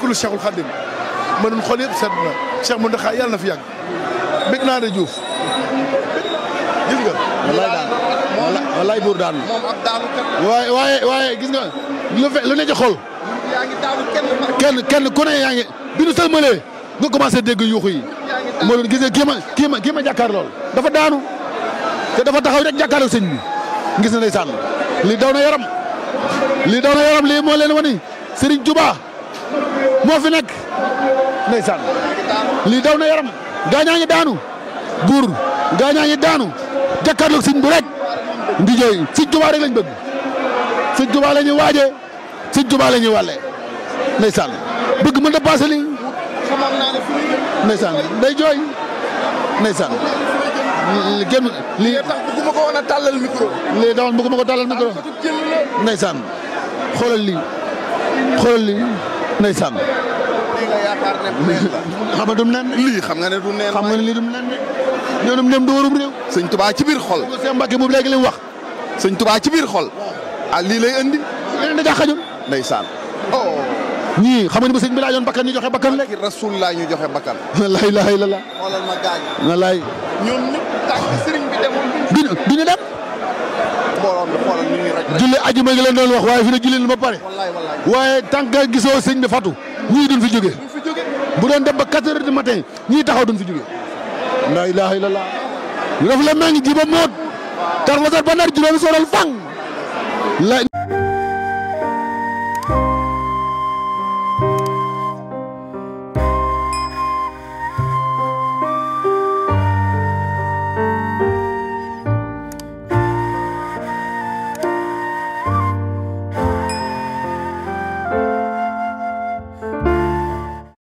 kullu Cheikhul Khadim ma doon xool yëpp sedd na Cheikh Mountakha yàlla na fi yàgg bég naa de Diouf gis nga. buur daan waaye waaye gis nga lu fe xol. kenn ku ne yaa ngi bi nu sëlmalee nga commencé dégg yuuxu yi. moo doon gis nga kii ma kii lool dafa daanu te dafa taxaw rek jàkkaarloo sëñ bi gis na ndeysaan lii daw na yaram lii daw na yaram lii moo leen wani Serigne Touba. moo fi nekk ndeysaan lii daw na yaram gaañaa ngi daanu buur gaañaa ngi daanu jàkkaarloog sëñ bi rek di jooy sëñ Tuubaa rek lañ bëgg sëñ Tuubaa la ñuy waajee sëñ Tuubaa la ñuy wàllee ndeysaan bëgg mën a passé lii ndeysaan day jooy ndeysaan lii tax bëgguma ko woon a tàllal micro lii dawal bëgguma ko tàllal micro ndeysaan xoolal lii xoolal lii ndeysaan. lii nga yaakaar ne neen la. xam nga du neen lii xam nga ne du neen. xam nga ne lii du neen de. ñoom ñoom du warum réew. sëñ Tuubaa ci biir xol. sëñ Mbàkke moom léegi ci biir xol. ah lii lay andi. leneen da caa xajul. ndeysaan. oh. ñii xam nga ni bi laajoon bakkan ñu joxe bakkan la. ak rasul laa ñu joxe bakkan. la ilaha illallah. xoolal ma gaañ. julli ajuma gi leen doon wax waaye fi ne julli na ba pare waaye tànk gisoo sëñ bi fatu ñii duñ fi jógee bu doon dem ba quatre heures du ñii taxaw duñ fi jógee la ilaha illallah ñu def la meññ ji ba moot tar ba nar juróomi sooral fang la